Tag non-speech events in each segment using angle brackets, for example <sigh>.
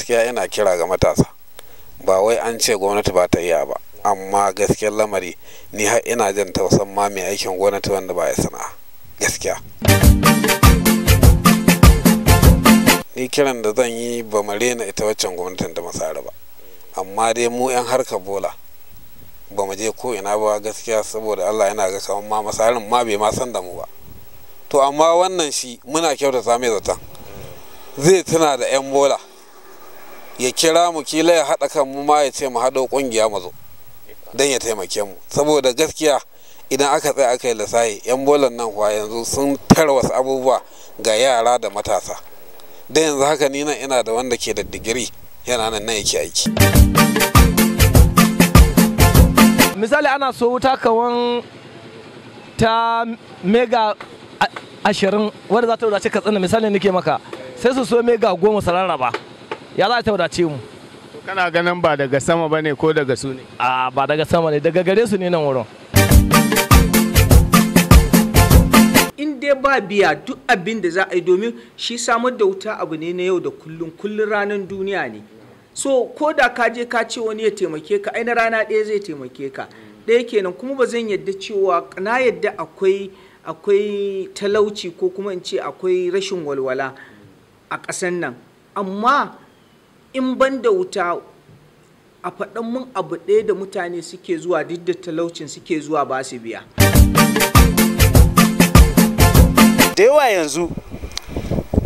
gaskiya yana kira ga matasa ba wai an ce gwamnati ba ta iya ba amma gaskiyar lamari ni har ina jin tausan ma mai aikin gwamnati wanda ba ya sana'a gaskiya ni kiran da zan yi ba mu rena ita waccan gwamnatin da masara ba amma dai mu 'yan harkar bola ba mu je ko ina ba gaskiya saboda allah yana ga kamar ma masarin ma bai ma san da mu ba to amma wannan shi muna kyauta mai zaton zai tuna da 'yan bola ya kira mu kila ya haɗa kan mu ma ya ce mu haɗo ƙungiya mu zo don ya taimake mu saboda gaskiya idan aka tsaya aka yi lissahi yan bolan nan kuwa yanzu sun tarwas abubuwa ga yara da matasa don yanzu haka ni nan ina da wanda ke da digiri yana nan nan yake aiki misali ana so wuta kawan ta mega ashirin wadda za ta wadace ka tsina misali nake maka sai su so mega goma su rarraba ya za a taurace mu kana ganin ba daga sama ba ne ko daga su ne a ba daga sama ne daga gare su ne nan wurin in dai ba biya duk abin da za a yi domin shi samar da wuta abu ne na yau da kullum kullum ranar duniya ne so ko da ka je ka ce wani ya taimake ka ai na rana ɗaya zai taimake ka ɗaya kenan kuma ba zan yadda cewa na yadda akwai akwai talauci ko kuma in ce akwai rashin walwala a ƙasan nan amma in ban da wuta a faɗan mun abu ɗaya da mutane suke zuwa duk da talaucin suke zuwa ba su biya da yawa yanzu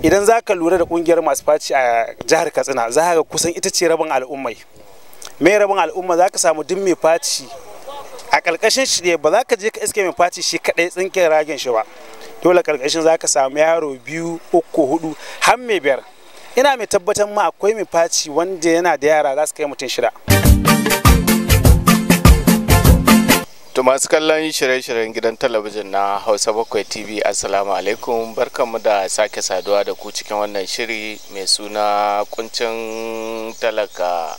idan za ka lura da ƙungiyar masu faci a jihar katsina za ka kusan ita ce rabin al'ummai me rabin al'umma za ka samu duk mai faci a ƙarƙashin shi ba za ka je ka iske mai faci shi kaɗai tsinkin ragin shi ba dole ƙarƙashin za ka samu yaro biyu uku hudu har mai biyar ina mai tabbatar ma akwai mai faci wanda yana da yara za su kai mutum shida To masu kallon shirye-shiryen gidan talabijin na Hausa Bakwai TV Assalamu alaikum barkanmu da sake saduwa da ku cikin wannan shiri mai suna kuncin talaka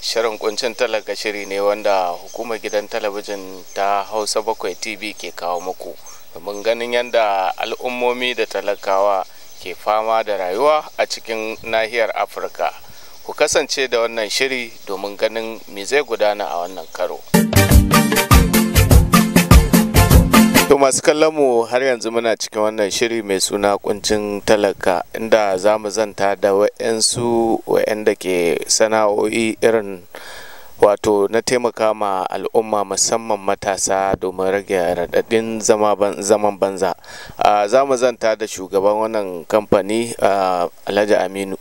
shirin kuncin talaka shiri ne wanda hukumar gidan talabijin ta Hausa Bakwai TV ke kawo muku domin ganin yadda al'ummomi da talakawa ke fama da rayuwa a cikin nahiyar afirka ku kasance da wannan shiri domin ganin me zai gudana a wannan karo to masu kallon mu har yanzu muna cikin wannan shiri mai suna kuncin talaka inda za mu zanta da wa'yansu wa'yanda ke sana'o'i irin wato na taimaka ma al'umma musamman matasa domin rage raɗaɗin zaman banza za mu zanta da shugaban wannan kamfani alhaji aminu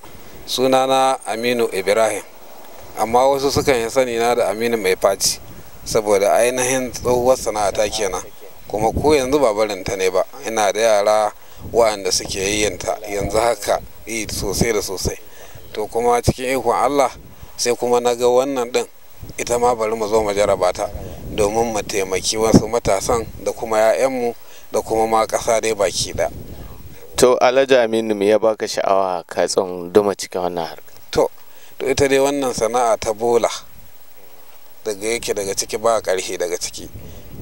sunana aminu ibrahim amma wasu sukan yi sani na da aminu mai faci saboda ainihin tsohuwar sana'ata kenan kuma ko yanzu ba barinta ne ba ina da yara waɗanda suke yayyanta yanzu haka yi sosai da sosai to kuma cikin ikon allah sai kuma na ga wannan ɗin ita ma bari mu zo mu jaraba ta domin mu taimaki wasu matasan da kuma 'ya'yanmu da kuma ma ƙasa dai baki da. To Alhaji Aminu me ya baka sha'awa ka duma cikin wannan harka? To, to ita dai wannan sana'a ta bola daga yake daga ciki ba ƙarshe daga ciki.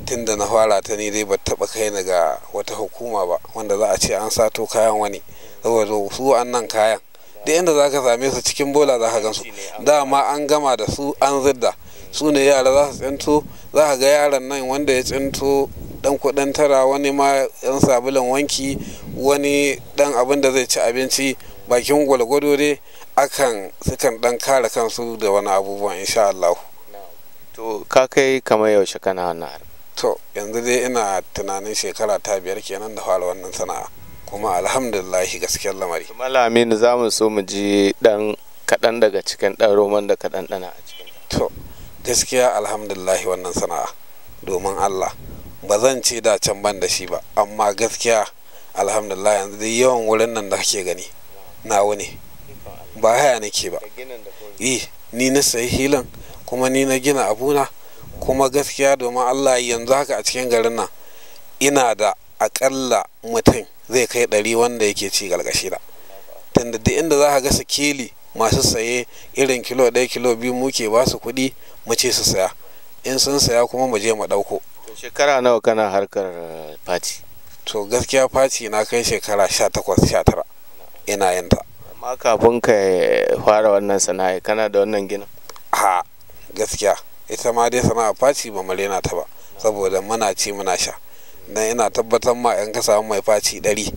Tun da na fara ta ne dai ba taɓa kai ni ga wata hukuma ba wanda za a ce an sato kayan wani. Saboda su nan kayan da inda za ka same su cikin bola za ka gansu dama an gama da su an zidda su ne yara za su tsinto za ka ga yaran nan wanda ya tsinto dan kudin tara wani ma yan sabulin wanki wani dan abin da zai ci abinci bakin gwalgwado dai akan sukan dan kare kansu da wani abubuwan insha Allah to ka kai kamar yaushe kana wannan to yanzu dai ina tunanin shekara ta biyar kenan da fara wannan sana'a kuma alhamdulillahi gaskiyar lamari Aminu za mu so mu ji dan kaɗan daga cikin ɗan roman da kaɗan ɗana a cikin to gaskiya alhamdulillahi wannan sana'a domin allah ba zan ce da can ban da shi ba amma gaskiya alhamdulillah yanzu dai yawan wurin nan da kake gani na ne ba haya nake ba yi eh, ni na sayi hilin kuma ni na gina abuna kuma gaskiya domin allah yanzu haka a cikin garin nan ina da akalla mutum zai kai ɗari wanda yake ci galgashi da tunda duk inda za ka ga keli masu saye irin kilo ɗaya kilo biyu muke ba su kuɗi mu ce su saya in sun saya kuma mu je mu ɗauko shekara nawa kana harkar fati to gaskiya fati na kai shekara sha takwas sha tara ina yin ta amma kafin ka fara wannan sana'a kana da wannan gina a gaskiya ita ma dai sana'a faci ba mu rena ta ba saboda muna ci muna sha dan ina tabbatar ma in ka samu mai faci ɗari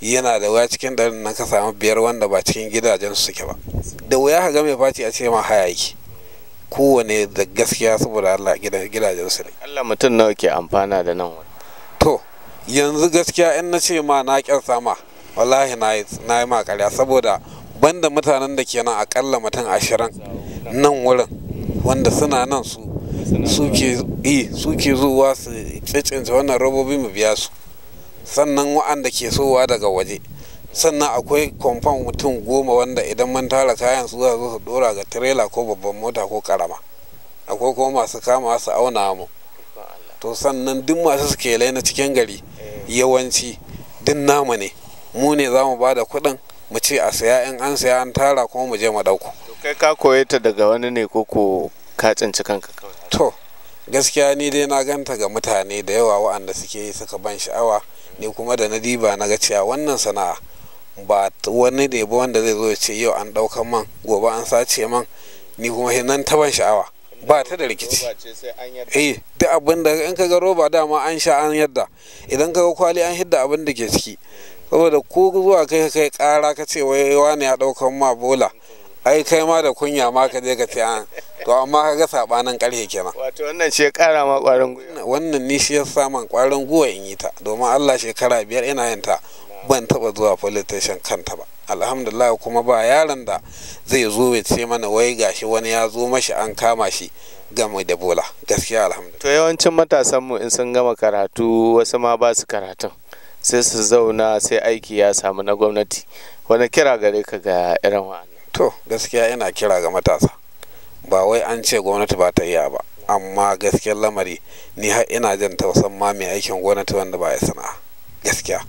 yana da wuya cikin ɗarin nan ka samu biyar wanda ba cikin gidajen su suke ba da wuya ka ga mai faci a ce ma hayaki kowane da gaskiya saboda Allah gidajen su ne Allah mutum nawa ke amfana da nan to yanzu gaskiya in na ce ma na kyan sama wallahi na yi ma karya saboda banda mutanen da ke nan akalla mutum ashirin nan wurin wanda suna nan su suke zuwa su cicinta wannan robobi mu biya su sannan wa'anda ke sowa daga waje sannan akwai kwamfan mutum goma wanda idan mun tara kayan su za su dora ga tirela ko babban mota ko karama akwai kuma masu kama su auna mu to sannan duk masu suke na cikin gari eh. yawanci duk namu ne mu ne za mu ba da kuɗin mu ce a saya in an saya an tara kuma mu je mu ɗauko kai ka koye ta daga wani ne ko ko ka tsinci kanka kawai to gaskiya ni dai na ganta ga mutane da yawa waɗanda suke suka ban sha'awa ni kuma da na diba na ga cewa wannan sana'a ba wani ne ba wanda zai zo ya ce yau an ɗaukan man gobe an sace man ni kuma nan ta ban sha'awa ba ta da rikici eh duk abin da in kaga roba dama an sha an yadda idan kaga kwali an hidda abin da ke ciki saboda ko zuwa kai kai kara ka ce wai wani ya ɗaukan ma bola ai kai ma da kunya ma ka je ka ce an ah. to amma ka ga sabanin karhe kenan wato wannan shi ya kara ma kwarin gwiwa wannan ni shi ya saman kwarin guwa in yi ta domin Allah shekara biyar ina yin ta ban taba zuwa politician kanta ba alhamdulillah kuma ba yaron da zai zo ya ce mana wai gashi wani ya zo mashi an kama shi game da bola gaskiya alhamdulillah to yawancin matasan mu in sun gama karatu wasu ma ba su karatun sai su zauna sai aiki ya samu na gwamnati wani kira gare ka ga irin wa'an to gaskiya yana kira ga matasa ba wai an ce gwamnati ba ta iya ba amma gaskiyar lamari ni har ina jin tausan ma mai aikin gwamnati wanda ba ya sana'a gaskiya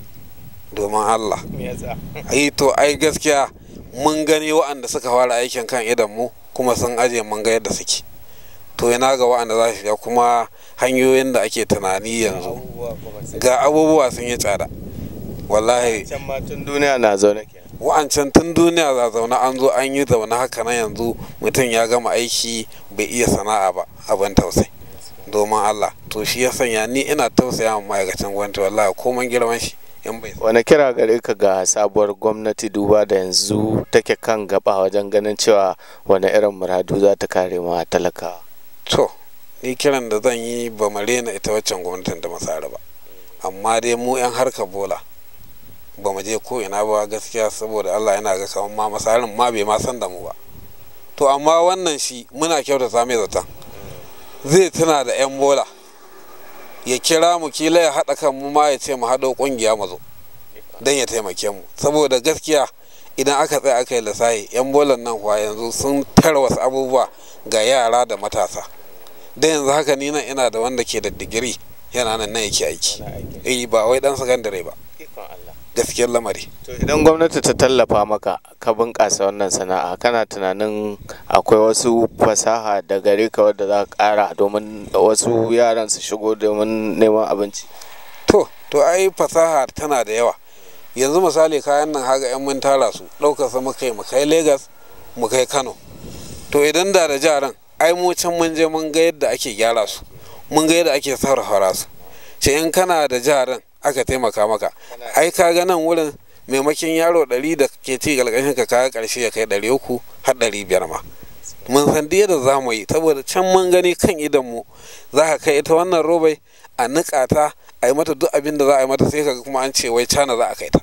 domin allah ai eh to ai gaskiya mun gani wa'anda suka fara aikin kan idan mu kuma sun aje mun ga yadda suke to ina ga wa'anda za shiga kuma hanyoyin da ake tunani yanzu ga abubuwa sun yi tsada wallahi can duniya na zaune wa'ancan tun duniya za zaune an zo an yi zaune haka na yanzu mutum ya gama aiki bai iya sana'a ba abin tausayi domin Allah to shi ya sanya ni ina tausaya wa ma'aikacin gwamnati wallahi man girman shi in bai wani kira gare ka ga sabuwar gwamnati duba da yanzu take kan gaba wajen ganin cewa wani irin muradu za ta kare ma talaka. to ni kiran da zan yi ba mare na ita waccan gwamnatin da masara ba amma dai mu 'yan harka bola ba mu je ko ina ba gaskiya saboda Allah yana ga kaman ma masarin ma bai ma san da mu ba to amma wannan shi muna kyautata mai zaton zai tana da yan bola ya kira mu kila ya haɗa kan mu ma ya ce mu haɗo ƙungiya mu zo don ya taimake mu saboda gaskiya idan aka tsaya aka yi lissahi yan bolan nan kuwa yanzu sun tarwasa abubuwa ga yara da matasa da yanzu haka ni nan ina da wanda ke da digiri yana nan nan yake aiki eh ba wai dan sakandare ba gaskiyar lamari idan gwamnati ta tallafa maka ka bunƙasa wannan sana'a kana tunanin akwai wasu fasaha da gare ka wadda za ka ƙara domin wasu yaran su shigo domin neman abinci to to ai fasaha tana da yawa yanzu misali kayan nan haga 'yan mun tara su ɗaukar su yi mu kai lagos mu kai kano to idan da da jaran ai mu can mun je mun ga yadda ake gyara su mun ga yadda ake sarrafa su ce in kana da jaran aka taimaka maka ai ka ga nan wurin maimakin yaro ɗari da ke ci galgashin ka kaga ƙarshe ya kai ɗari uku har ɗari biyar ma mun san da yadda za mu yi saboda can mun gani kan idan mu za ka kai ita wannan robai a niƙa ta a yi mata duk abin da za a yi mata sai ka kuma an ce wai cana za a kai ta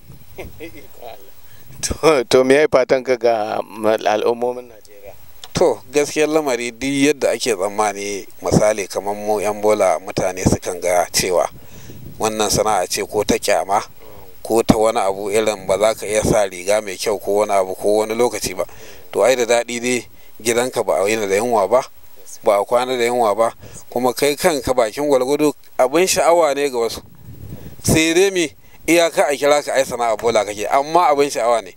<laughs> to me yi fatan ka ga al'ummomin Najeriya to gaskiyar lamari duk yadda ake tsammani misali kamar mu yan bola mutane sukan ga cewa wannan sana'a ce ko ta kyama ko ta wani abu irin ba za ka iya sa riga mai kyau ko wani abu ko wani lokaci ba to ai da daɗi dai gidanka ba a yana da yunwa ba ba a kwana da yunwa ba kuma kai kanka bakin gwalgwado abin sha'awa ne ga wasu sai dai me iyaka a kira ka ai sana'a bola kake amma abin sha'awa ne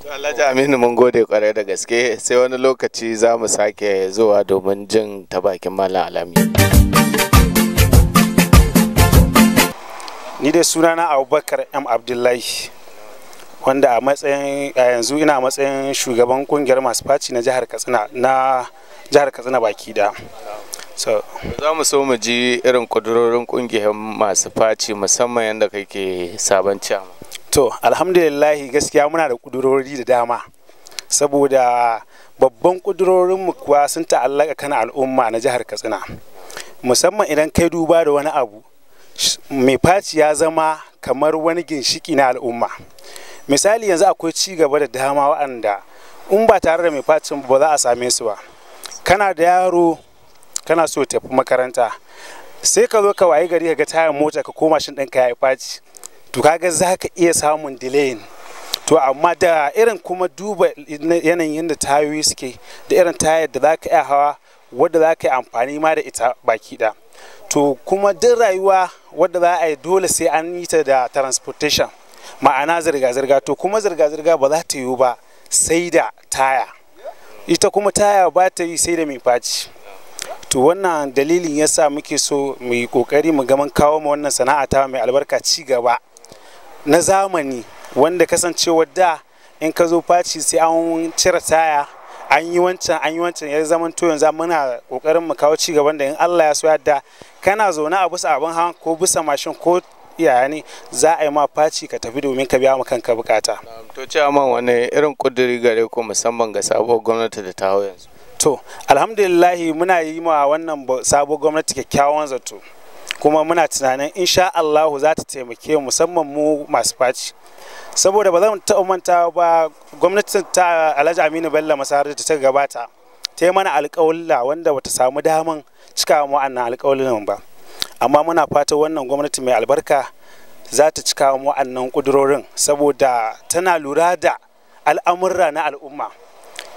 Alhaji Aminu mun gode kwarai da gaske sai wani lokaci za mu sake zuwa domin jin ta bakin Malam Alami. ni dai sunana abubakar m abdullahi wanda a matsayin a yanzu ina matsayin shugaban kungiyar masu faci na jihar katsina na jihar katsina baki da so za mu so mu ji irin kudurorin kungiyar masu faci musamman yadda kake sabon ciyama to alhamdulillahi gaskiya muna da kudurori da dama saboda babban kudurorin mu kuwa sun ta'allaka kan al'umma na jihar katsina musamman idan kai duba da wani abu mai faci ya zama kamar wani ginshiki na al'umma misali yanzu akwai ci gaba da dama waɗanda in ba tare da mai facin ba za a same su ba kana da yaro kana so tafi makaranta sai ka zo ka wayi gari ka ga tayan mota ka koma shin ɗinka ya yi faci to kaga za ka iya samun dilayin to amma da irin kuma duba yanayin da tayoyi suke da irin tayar da za ka iya hawa wadda za ka yi amfani ma da ita baki ɗaya to kuma duk rayuwa wadda za a yi dole sai an yi ta da transportation ma'ana zirga-zirga to kuma zirga-zirga ba za ta yiwu ba sai da taya ita kuma taya ba ta yi sai da mai faci to wannan dalilin ya sa muke so mu yi kokari mu gaman kawo ma wannan sana'a ta mai albarka ci gaba na zamani wanda kasancewa da in ka zo faci sai an cire taya an yi wancan an yi wancan ya zama to yanzu muna kokarin mu kawo ci gaban da in Allah ya so da. kana zaune a bisa abin hawan ko bisa mashin ko yaya ne za a yi ma faci ka tafi domin ka biya maka kanka bukata to ce man wani irin kuduri gare ku musamman ga sabuwar gwamnati da ta hau yanzu to alhamdulillahi muna yi ma wannan sabo gwamnati kyakkyawan zato kuma muna tunanin insha Allahu za ta taimake musamman mu masu faci saboda ba zan taɓa manta ba gwamnatin ta Alhaji Aminu Bello Masarar da ta gabata ta yi mana alƙawalla wanda bata samu daman cika wa wa'annan alƙawallan ba amma muna fata wannan gwamnati mai albarka za ta cika wa wa'annan ƙudurorin saboda tana lura da al'amurra na al'umma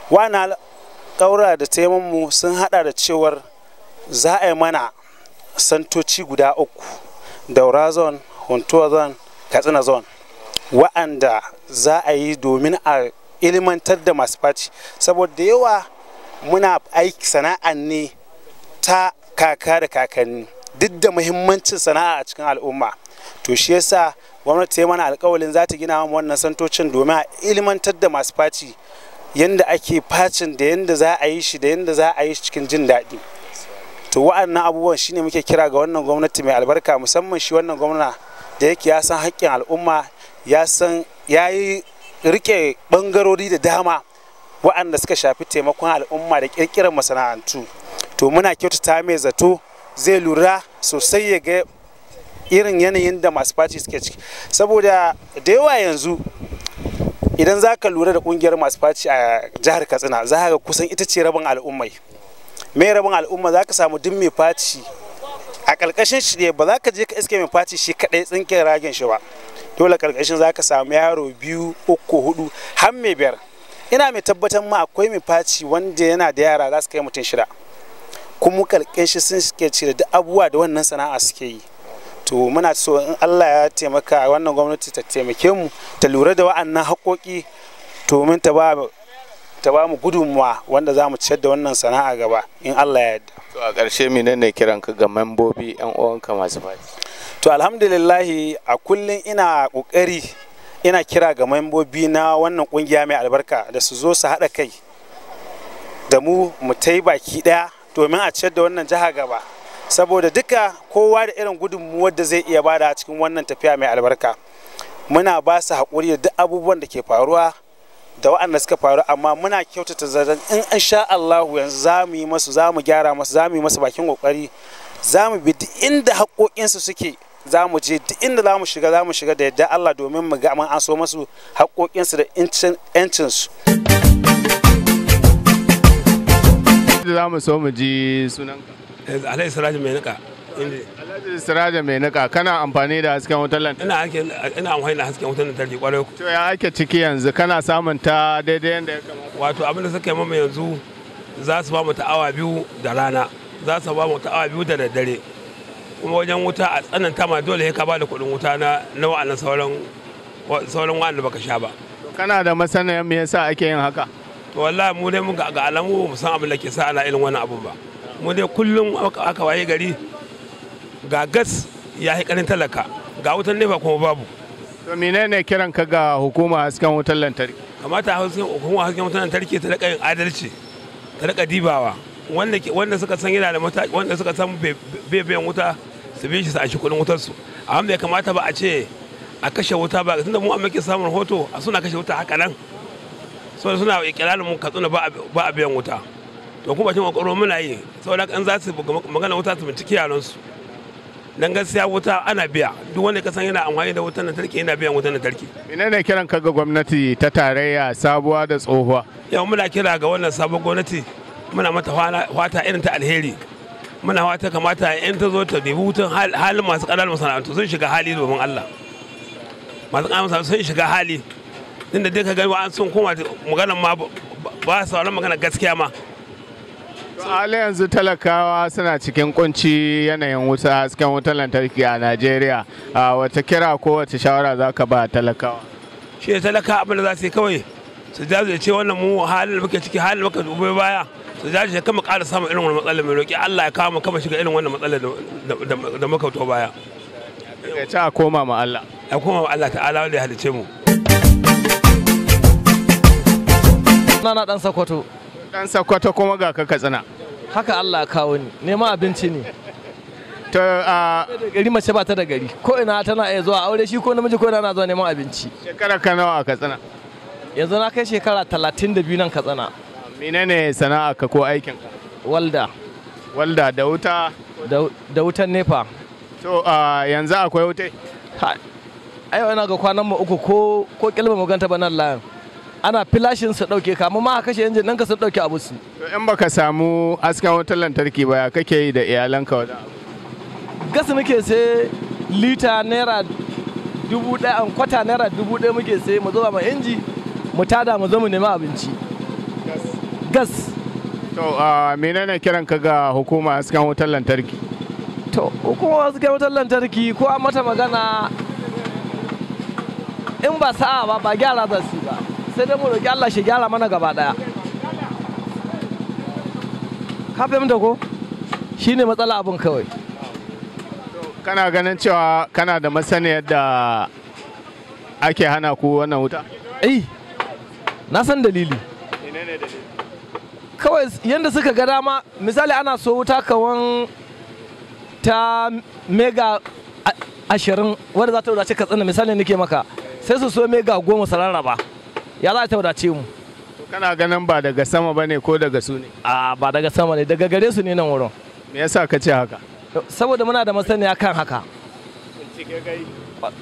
wa'annan alƙawura da ta yi mu sun haɗa da cewar za a yi mana santoci guda uku daura zone hontuwa zone katsina zone wa'anda za a yi domin a ilimantar da masu faci saboda yawa muna aiki sana'an ne ta kaka da kakanni duk da muhimmancin sana'a a cikin al'umma to shi yasa gwamnati ta mana alkawalin za ta gina mu wannan santocin domin a ilmantar da masu faci yanda ake facin da yanda za a yi shi da yanda za a yi shi cikin jin daɗi to wa'annan abubuwan shine muke kira ga wannan gwamnati mai albarka musamman shi wannan gwamna da yake ya san haƙƙin al'umma ya san ya yi rike ɓangarori da dama waɗanda suka shafi taimakon al'umma da ƙirƙirar masana'antu to muna kyautata mai zato zai lura sosai ya ga irin yanayin da masu fati suke ciki saboda da yawa yanzu idan za ka lura da ƙungiyar masu fati a jihar katsina za ka kusan ita ce rabin al'ummai mai rabin al'umma za ka samu duk mai fati a ƙarƙashin shi ne ba za ka je ka iske mai faci shi kaɗai tsinken ragin shi ba dole ƙarƙashin za ka samu yaro biyu uku hudu har mai biyar ina mai tabbatar ma akwai mai faci wanda yana da yara za su kai mutum shida kuma kalkin shi sun suke cire duk abubuwa da wannan sana'a suke yi to muna so in Allah ya taimaka wannan gwamnati ta taimake mu ta lura da wa'annan haƙoƙi domin ta ba ta ba mu gudunmuwa wanda za mu ciyar da wannan sana'a gaba in Allah ya yarda. To a ƙarshe ne kiran ka ga membobi 'yan uwanka masu faci? To alhamdulillahi a kullum ina ƙoƙari ina kira ga membobi na wannan kungiya mai albarka da su zo su haɗa kai da mu mu ta baki ɗaya domin a ciyar da wannan jiha gaba saboda duka kowa da irin gudunmuwar da zai iya bada a cikin wannan tafiya mai albarka muna ba su haƙuri da duk abubuwan da ke faruwa da wa'anda suka faru amma muna kyautata zaton in an sha Allahu yanzu za mu yi masu za mu gyara masu za mu yi masu bakin ƙoƙari za mu bi duk inda haƙoƙinsu suke za mu je duk inda za mu shiga za mu shiga da yadda Allah domin mu ga mun an so masu haƙoƙinsu da su. za mu so mu ji sunanka. Alhaji Siraji mai nika. Alhaji Siraji mai nika kana amfani da hasken wutar lantarki. Ina amfani da hasken wutar lantarki kwarai ku. To ya ake ciki yanzu kana samun ta daidai yadda ya kamata. Wato abin da suka yi mamu yanzu za su ba mu ta awa biyu da rana za su ba mu ta awa biyu da daddare. kuma wajen wuta a tsananta ma dole ka ba da kuɗin wuta na na wa'annan sauran sauran wa'anda baka sha ba kana da masaniyar me yasa ake yin haka to wallahi mu dai mun ga alamu mu san abin da ke sa ana irin wannan abun ba mu dai kullum aka waye gari ga gas ya yi karin talaka ga wutan nefa kuma babu to menene kiran ka ga hukuma hasken wutar lantarki kamata hukuma hasken wutar lantarki ta rika yin adalci ta rika dibawa wanda suka san yana da mata wanda suka san bebeyan wuta su bi shi su ashi kuɗin wutarsu amma bai kamata ba a ce a kashe wuta ba tunda mu amma ke samun hoto a suna kashe wuta haka nan saboda suna ikirarin mu katsuna ba a biyan wuta to kuma cin kokoro muna yi saboda kan za su magana wuta su binciki yaran su dan gaskiya wuta ana biya duk wanda ka san yana amfani da wutan lantarki yana biyan wutan lantarki ina ne kiran ka ga gwamnati ta tarayya sabuwa da tsohuwa yau muna kira ga wannan sabon gwamnati muna mata fata irin ta alheri muna wata kamata in ta zo ta nemi hutun halin masu ƙananan masana'antu sun shiga hali domin Allah masu ƙananan masana'antu sun shiga hali inda duka gani an sun koma maganan ma ba su wani magana gaskiya ma hali yanzu talakawa suna cikin kunci yanayin wuta hasken wutar lantarki a najeriya wata kira ko wata shawara za ka ba talakawa shi ne talaka abin da za su yi kawai su ce wannan mu halin da muke ciki halin da muke dubai baya za shi kama ƙara samun irin wani matsalar mai roƙi Allah ya kawo mu kama shiga irin wannan matsalar da muka to baya ya ci a koma ma Allah ya koma ma Allah ta'ala wanda ya halice mu na dan sakwato dan sakwato kuma ga ka katsina haka Allah ya kawo ni neman abinci ne ta a gari mace ba ta da gari ko ina tana iya zuwa aure shi ko namiji ko ina zuwa neman abinci shekara ka nawa a katsina yanzu na kai shekara 32 nan katsina menene sana'a ka ko aikin ka walda walda da wuta da wutan nefa to yanzu akwai A ai yana ga kwanan mu uku ko ko kilma mu ganta banan layan ana filashin su dauke ka amma ma kashe injin ka su dauke abu su to in baka samu asken wutar lantarki ba ya kake yi da ka wada gas nake sai lita naira dubu daya, an kwata naira dubu daya muke sai mu zuba mu inji mu tada mu zo mu nemi abinci gas to menene kiran ka ga hukuma hasken wutar lantarki to hukuma hasken wutar lantarki ko a mata magana in ba sa'a ba ba gyara za su ba sai dai mu roki Allah shi gyara mana gaba daya ka fahimta ko shine matsala abun kawai kana ganin cewa kana da masaniyar da ake hana ku wannan wuta? Eh, na san dalili. ne dalili? kawai yadda suka ga dama misali ana so wuta kawan ta mega ashirin wadda za ta wadace ka tsana misali nake maka sai su so mega goma su rarraba ya za ta wadace mu kana ganin ba daga sama ba ne ko daga su ne a ba daga sama ne daga gare su ne nan wurin me yasa ka ce haka saboda muna da masaniya kan haka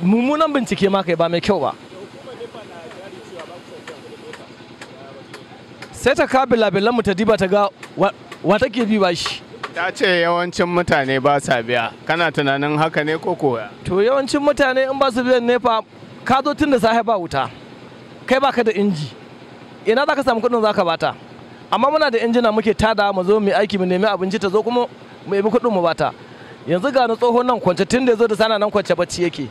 mummunan bincike ma kai ba mai kyau ba sai ta ka bilabilan mu ta diba ta ga wa take bi shi. ta ce yawancin mutane ba sa biya kana tunanin haka ne ko koya to yawancin mutane in ba su biyan ne fa ka zo tun da sahi ba wuta kai ba ka da inji ina za ka samu kuɗin za ka bata amma muna da injina muke tada mu zo mu aiki mu nemi abinci ta zo kuma mu yi kuɗin mu bata yanzu ga na tsohon nan kwance tun da zo da sana nan kwance bacci yake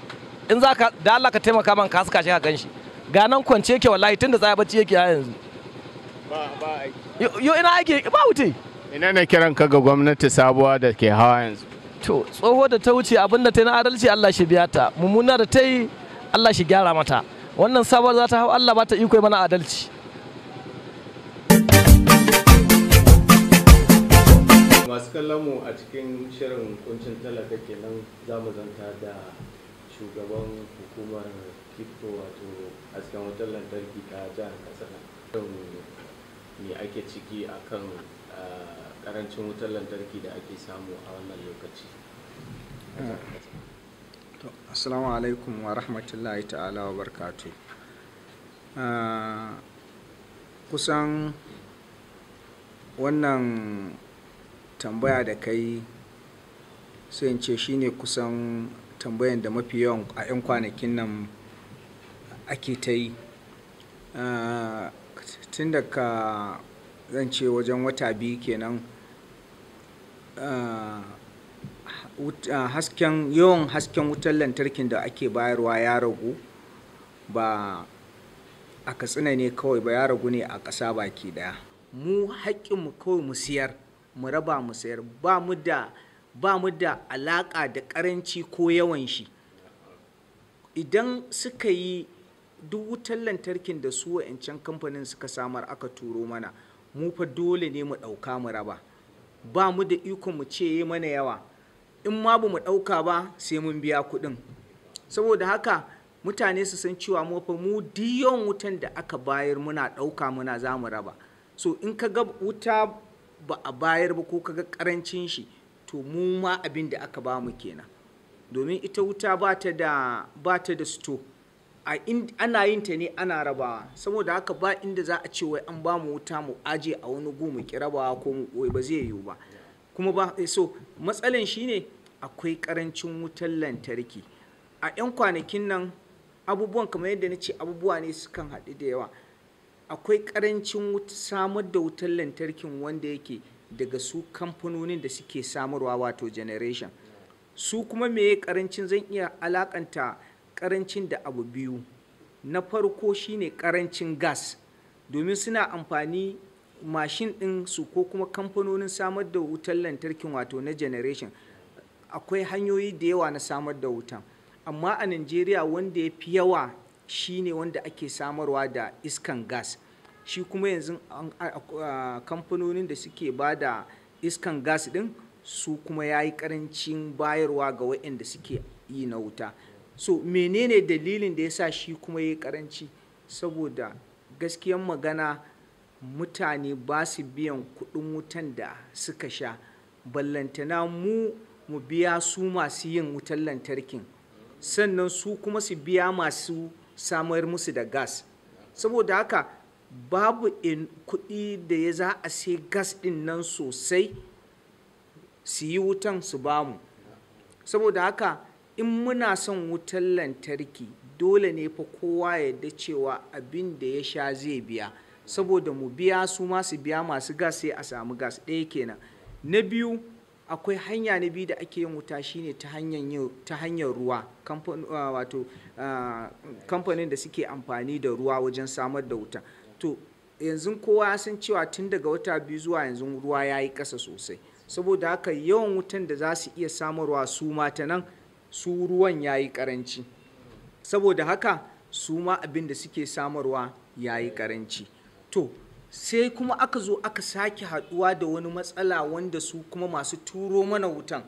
in za ka da Allah ka taimaka man ka suka shi ka ganshi ga nan kwance yake wallahi tun da tsaya bacci yake a yanzu Yo ina aiki ba wuce. Ina ne kiran ka ga gwamnati sabuwa da ke hawa yanzu. To tsoho da ta wuce abin da ta yi na adalci Allah shi biya ta mummuna da ta yi Allah shi gyara mata wannan sabuwar za ta hau Allah ba ta iko mana adalci. masu kallon mu a cikin shirin kuncin talaka kenan za mu zanta da shugaban hukumar kifto wato hasken wutar lantarki ta jihar katsina me ake ciki akan karancin ah, wutar lantarki da ake samu a wannan lokaci assalamu alaikum wa rahmatullahi ta'ala wa barkatu ah, kusan wannan tambaya da kai sai ce ce shine kusan tambayan da mafi yawan a 'yan kwanakin nan ake ta yi ah, tun da ka zan ce wajen wata biyu kenan ah, ah, hasken yawan hasken wutar lantarkin da ake bayarwa ya ragu ba a katsina ne kawai ba ya ragu ne a ƙasa baki daya mu haƙƙinmu kawai mu siyar mu raba mu sayar ba mu da alaƙa da ƙaranci ko yawan shi idan suka yi duk wutar lantarkin da su wa'ancan kamfanin suka samar aka turo mana mu fa dole ne mu ɗauka mu raba ba mu da iko mu ce yi mana yawa in ma ba mu ɗauka ba sai mun biya kuɗin saboda haka mutane su san cewa mu fa mu diyon wutan da aka bayar muna ɗauka muna za mu raba so in ka ga wuta ba a bayar ba ko ka ga ƙarancin shi to mu ma abin da aka ba mu kenan domin ita wuta ba ta da store A ana yin ta ne ana rabawa saboda haka ba inda za a ce wai an ba mu wuta mu aje a wani gu mu rabawa ko mu wai ba zai yiwu ba kuma ba eh, so matsalan shine akwai karancin wutar lantarki a 'yan kwanakin nan abubuwan kamar yadda na ce abubuwa ne sukan haɗu da yawa akwai karancin samar da wutar lantarkin wanda yake daga su kamfanonin da suke samarwa wato generation su kuma me karancin zan iya alakanta karancin da abu biyu na farko shine karancin gas domin suna amfani mashin ɗin su ko kuma kamfanonin samar da wutar lantarkin wato na generation akwai hanyoyi da yawa na samar da wutan amma a najeriya wanda ya fi yawa shine wanda ake samarwa da iskan gas shi kuma yanzu kamfanonin da suke ba da iskan gas din su kuma ya yi ƙarancin bayarwa ga waɗanda suke yi na wuta so menene dalilin da ya sa shi kuma ya karanci saboda gaskiyan magana mutane ba su biyan kudin wutan da suka sha ballantana mu mu biya su masu yin wutan lantarkin sannan su kuma su biya masu samar musu da gas saboda haka babu kuɗi da ya za a sai gas ɗinnan nan sosai su yi wutan su bamu saboda haka in muna son wutar lantarki dole ne fa kowa yadda cewa abin da ya sha zai biya saboda mu biya su masu biya masu gas sai a samu gas ɗaya kenan na biyu akwai hanya na biyu da ake yin wuta shine ta hanyar ruwa wato kamfanin da suke amfani da ruwa wajen samar da wuta to yanzu kowa ya san cewa tun daga wata biyu zuwa yanzu ruwa ya yi ƙasa sosai saboda haka yawan wutan da za su iya samarwa su ta nan su ruwan ya yi ƙaranci saboda haka su ma abin da suke samarwa ya yi ƙaranci to sai kuma aka zo aka sake haduwa da wani matsala wanda su kuma masu turo mana wutan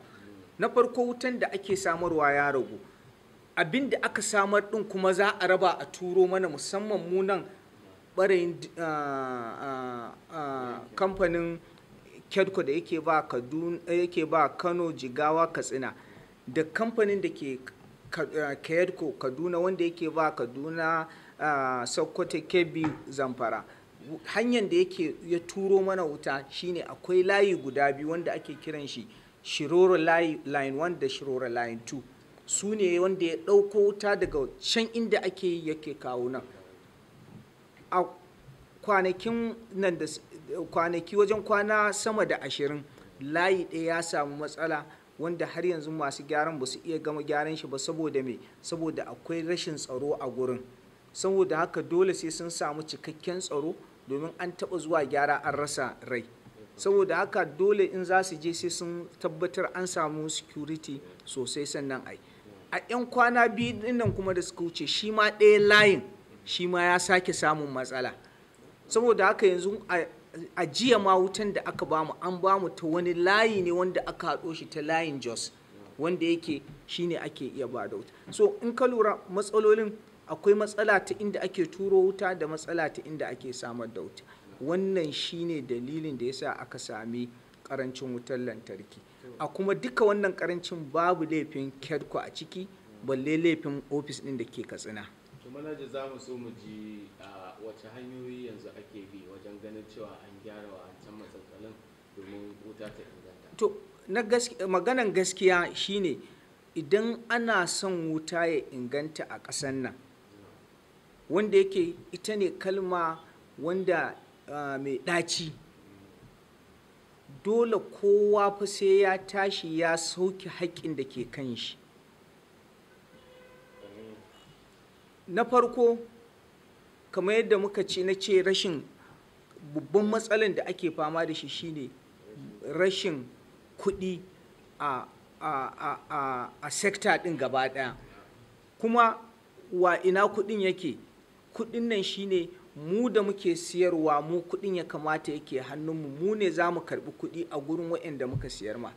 na farko wutan da ake samarwa ya ragu abin da aka samar din kuma za a raba a turo mana musamman munan nan ɓarayin kamfanin kyadko da yake ba kano jigawa katsina da kamfanin da ke kayadko eh, kaduna wanda yake ba kaduna eh, sokoto kebbi zamfara hanyar da yake ya turo mana wuta shine akwai layi guda biyu wanda ake kiran shi shiroro line 1 da shiroro line 2 su ne wanda ya ɗauko wuta daga can inda ake yi yake kawo nan a kwanakin nan da kwanaki wajen kwana sama da ashirin layi ɗaya ya samu matsala wanda har yanzu masu gyaran ba su iya gama gyaran shi ba saboda me saboda akwai rashin tsaro a gurin saboda haka dole sai sun samu cikakken tsaro domin an taɓa zuwa gyara an rasa rai saboda haka dole in za su je sai sun tabbatar an samu security sosai sannan ai a 'yan kwana biyu dinnan kuma da suka wuce shi ma ɗaya layin shi ma ya sake samun matsala saboda haka yanzu a jiya ma wutan da aka bamu an bamu ta wani layi ne wanda aka haɗo shi ta layin jos wanda yake shine ake iya ba da wuta so in ka lura matsalolin akwai matsala ta inda ake turo wuta da matsala ta inda ake samar da wuta wannan shine dalilin da yasa aka sami karancin wutar lantarki a kuma duka wannan karancin babu laifin kyarku a ciki balle laifin ofis ɗin da ke katsina. wace hanyoyi yanzu ake bi wajen ganin cewa an gyara wa can matsalolin domin wuta ta inganta maganan gaskiya shine idan ana son wuta ya inganta a ƙasan nan wanda yake ita ne kalma wanda mai ɗaci dole kowa fa sai ya tashi ya sauke haƙƙin da ke kan shi na farko kamar yadda muka ce na ce rashin babban matsalan da ake fama da shi shine rashin kuɗi a a sekta ɗin gaba ɗaya kuma wa ina kuɗin yake kuɗin nan shine mu da muke siyarwa mu kuɗin ya kamata yake hannunmu mu mu ne za mu karɓi kuɗi a gurin waɗanda muka siyar ma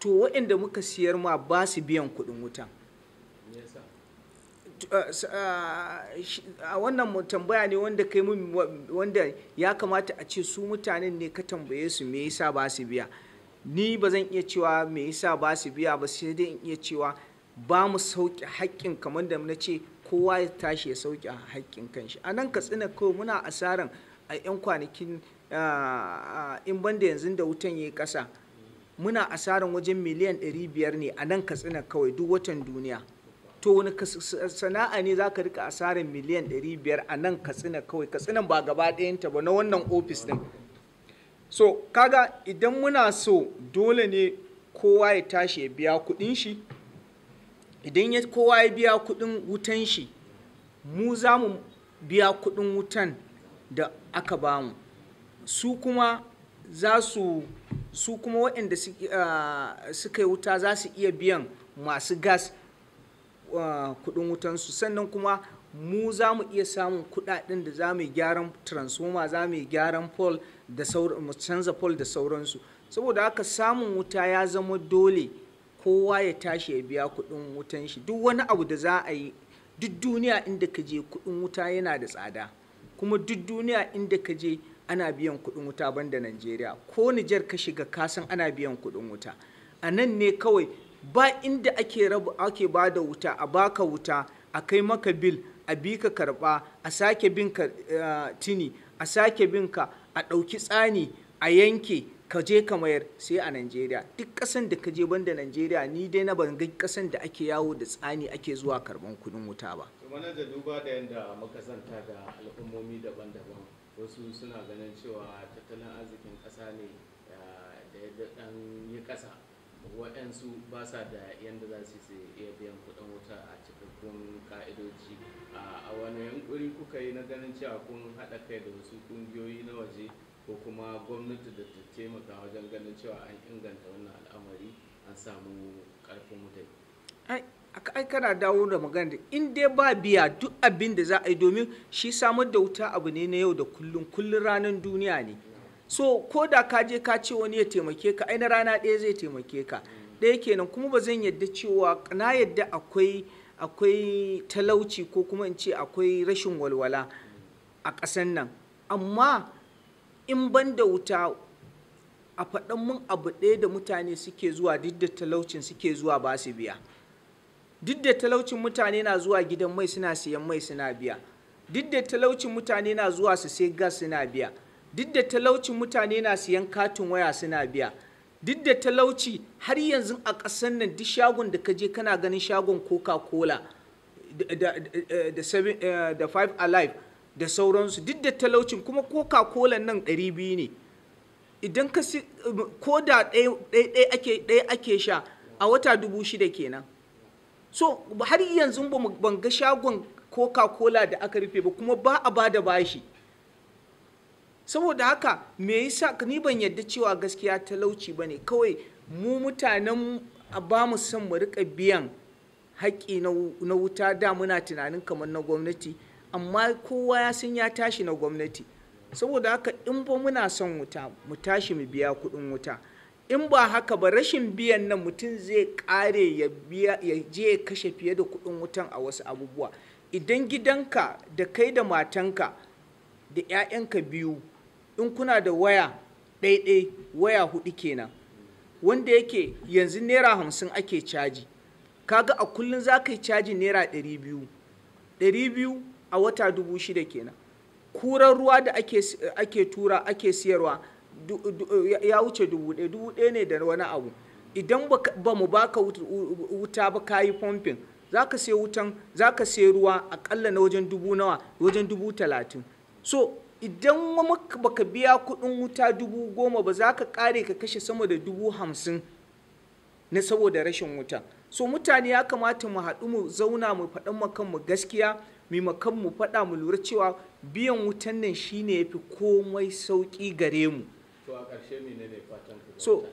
to waɗanda muka siyar ma ba su biyan kuɗin wuta. Eh, eh, a wannan tambaya ne wanda kai mun wanda ya kamata a ce su mutanen ne ka tambaye su me yasa ba su biya ni ba zan iya cewa me yasa ba su biya ba sai dai in iya cewa ba mu sauke haƙƙin kamar da na ce kowa ya tashi ya sauke haƙƙin kanshi a nan katsina kawai muna asaran a 'yan kwanakin eh, in banda yanzu da wutan ya yi ƙasa muna asaran wajen miliyan 500 ne a nan katsina kawai duk watan duniya to wani sana'a ne za ka rika asarar miliyan 500 a nan katsina kawai katsinan ba gaba ɗayanta ba na wannan ofis ɗin so kaga idan muna so dole ne kowa ya tashi ya biya kuɗin shi idan ya kowa ya biya kuɗin wutan shi mu za mu biya kuɗin wutan da aka bamu su kuma za su su kuma waɗanda ah, suka yi wuta za su iya biyan masu gas kudin wutansu sannan kuma mu za mu iya samun kudaden da za mu gyaran transformer za mu gyaran pole da mu canza pole da sauransu saboda haka samun wuta ya zama dole kowa ya tashi ya biya kudin wutan shi duk wani abu da za a yi duk duniya inda ka je kudin wuta yana da tsada kuma duk duniya inda ka je ana biyan kudin wuta banda Najeriya ko Nijar ka shiga kasan ana biyan kudin wuta a nan ne kawai ba inda ake rabu ake ba da wuta a baka wuta a kai maka bil a bi ka karba a sake bin ka eh, tini a sake bin ka a ɗauki tsani a yanke ka je ka mayar sai a Najeriya duk ƙasan da ka je banda Najeriya ni dai na ban ga ƙasan da ake yawo da tsani ake zuwa karban kuɗin wuta ba. Mana da duba da yanda muka da al'ummomi daban-daban wasu suna ganin cewa tattalin arzikin ƙasa ne eh, da ya ɗan yi ƙasa waɗansu ba sa da yadda za su su iya biyan kuɗin wuta a cikakkun ka'idoji a wani yankuri kuka yi na ganin cewa kun haɗa kai da wasu ƙungiyoyi na waje ko kuma gwamnati da ta taimaka wajen ganin cewa an inganta wannan al'amari an samu ƙarfin wutai ai kana dawo da magana in dai ba biya duk abin da za a yi domin shi samar da wuta abu ne na yau da kullum kullum ranar duniya ne so ko da ka je ka ce wani ya taimake ka ai na rana ɗaya zai taimake ka ɗaya kenan kuma ba zan yadda cewa na yadda akwai akwai talauci ko kuma in ce akwai rashin walwala a ƙasan nan amma in ban da wuta a faɗan mun abu ɗaya da mutane suke zuwa duk da talaucin suke zuwa ba su biya duk da talaucin mutane na zuwa gidan mai suna siyan mai suna biya duk da talaucin mutane na zuwa su sai gas suna biya duk da talauci mutane na siyan katin waya suna biya duk da talauci har yanzu a ƙasar nan duk shagon da ka je kana ganin shagon coca-cola da eh, eh, five alive da sauransu duk da talaucin kuma coca-cola nan 200 ne idan ka si ko da ɗaya ake sha a wata dubu shida kenan so har yanzu ban ga shagon coca-cola da aka rufe ba kuma ba a ba da bashi saboda haka me yasa ni ban yadda cewa gaskiya talauci bane kawai mu mutanen ba mu son mu rika biyan haƙƙi na wuta da muna tunanin kamar na gwamnati amma kowa ya san ya tashi na gwamnati saboda haka in ba muna son wuta mu tashi mu biya kuɗin wuta in ba haka ba rashin biyan nan mutum zai kare ya biya ya je ya kashe fiye da kuɗin wutan a wasu abubuwa idan gidanka da kai da matanka da 'ya'yanka biyu in kuna da waya ɗaiɗai waya hudu kenan wanda yake yanzu naira hamsin ake caji kaga a kullum za ka yi caji naira ɗari biyu ɗari biyu a wata dubu shida kenan kuran ruwa da ake, tura ake siyarwa ya wuce dubu ɗaya dubu ɗaya ne da wani abu idan ba mu baka wuta ba ka yi fomfin za ka sai wutan za ka sai ruwa akalla na wajen dubu nawa wajen dubu talatin so idan baka biya kudin wuta dubu goma ba za ka kare ka kashe sama da dubu hamsin na saboda rashin wuta so mutane ya kamata mu haɗu mu zauna mu faɗan makanmu gaskiya mu makanmu faɗa mu lura cewa biyan wutan nan shine ya fi komai sauƙi gare mu so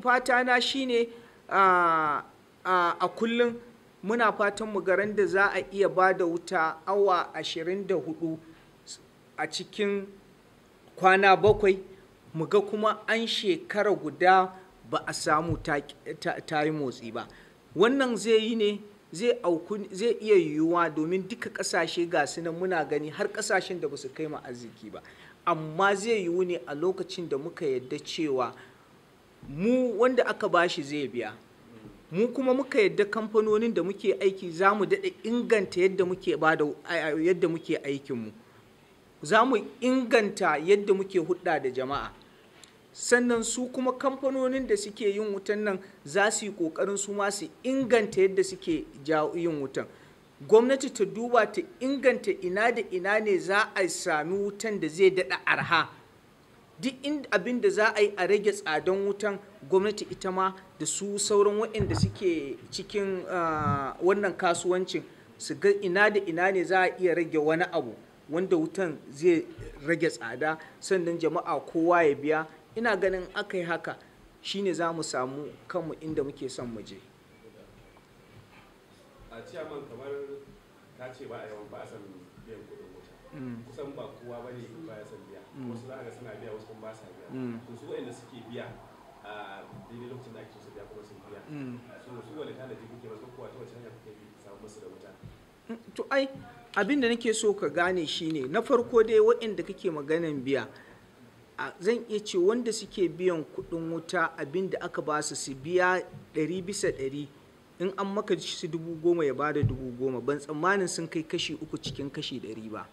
fatana shine a kullum muna fatan mu garin da za a iya ba da wuta awa da 24 a cikin kwana bakwai mu ga kuma an shekara guda ba a samu ta yi motsi ba wannan zai yi ne zai iya yiwuwa domin duka kasashe ga nan muna gani har kasashen da ba su kai arziki ba amma zai yiwu ne a lokacin da muka yadda cewa mu wanda aka bashi zai biya mu kuma muka yadda kamfanonin da muke aiki za mu daɗa inganta yadda muke aikinmu za mu inganta yadda muke hudda da jama'a sannan su kuma kamfanonin da suke yin wutan nan za su yi kokarin su ma su inganta yadda suke yin wutan gwamnati ta duba ta inganta ina da ina ne za a sami wutan da zai daɗa arha duk abin da za a yi a rage tsadan wutan gwamnati ita ma da su sauran waɗanda suke cikin ah, wannan kasuwancin su ga ina da ina ne za a iya rage wani abu wanda wutan zai rage tsada sannan jama'a kowa ya biya ina ganin aka yi haka shine za mu samu kanmu inda muke son mu je a ciyaman kamar ta ce ba a yawan ba a san biyan kudin wuta mm. kusan ba kowa ba ne ba ya san biya mm. wasu za a ga suna biya wasu kuma ba sa biya mm. to su waɗanda suke biya a daidai lokacin da ake su biya kuma sun biya so su wani tanadi kuke ba ko kowa ta wace hanya kuke bi samu musu da wuta to ai abin da nake so ka gane shine na farko dai waɗanda kake maganan biya zan iya ce wanda suke biyan kuɗin wuta abin da aka ba su su biya ɗari bisa ɗari in an maka su dubu goma ya bada dubu goma ban tsammanin sun kai kashi uku cikin kashi ɗari ba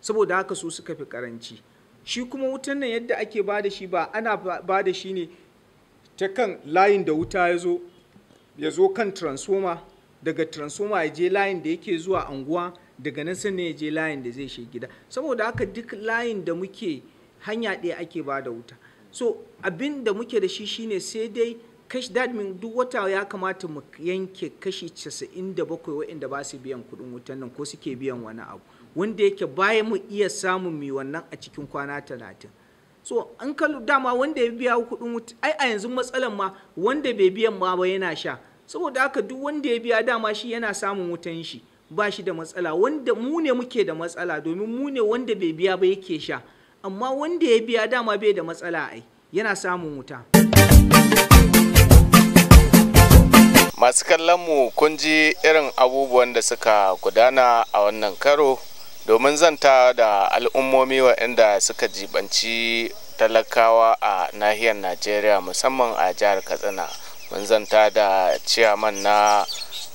saboda haka su suka fi karanci shi kuma wutan nan yadda ake ba da shi ba ana ba da shi ne ta kan layin da wuta ya zo ya zo kan transformer daga transformer ya je layin da yake zuwa anguwa daga nan sai ne je layin da zai shi gida saboda haka duk layin da muke hanya ɗaya ake ba da wuta so abin da muke da shi shine sai dai kashi dadmin duk wata ya kamata mu yanke kashi 97 waɗanda ba su biyan kuɗin wutan nan ko suke biyan wani abu wanda yake baya mu iya samun mi wannan a cikin kwana talatin so an kalu dama wanda ya biya kuɗin wuta ai a yanzu matsalan ma wanda bai biyan ma ba yana sha saboda haka duk wanda ya biya dama shi yana samun wutan shi ba shi da matsala wanda mu ne muke da matsala domin mu ne wanda bai biya ba yake sha amma wanda ya biya dama bai da matsala ai yana samun wuta masu kallon mu kun ji irin abubuwan da suka gudana a wannan karo domin zanta da al'ummomi waɗanda suka jibanci talakawa a nahiyar najeriya musamman a jihar katsina mun zanta da ciyaman na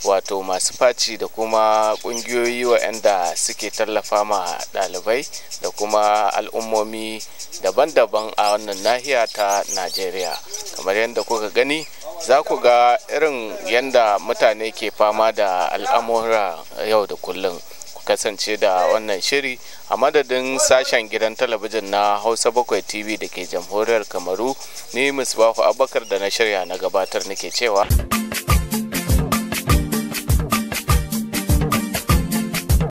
wato masu faci da kuma kungiyoyi waɗanda suke tallafa ma ɗalibai da kuma al'ummomi daban-daban a wannan nahiya ta najeriya kamar yadda kuka gani za ku ga irin yadda mutane ke fama da al'amura yau da kullum kasance da wannan shiri a madadin sashen gidan talabijin na hausa bakwai tv da ke jamhuriyar kamaru ni musbahu abakar da na shirya na gabatar nake cewa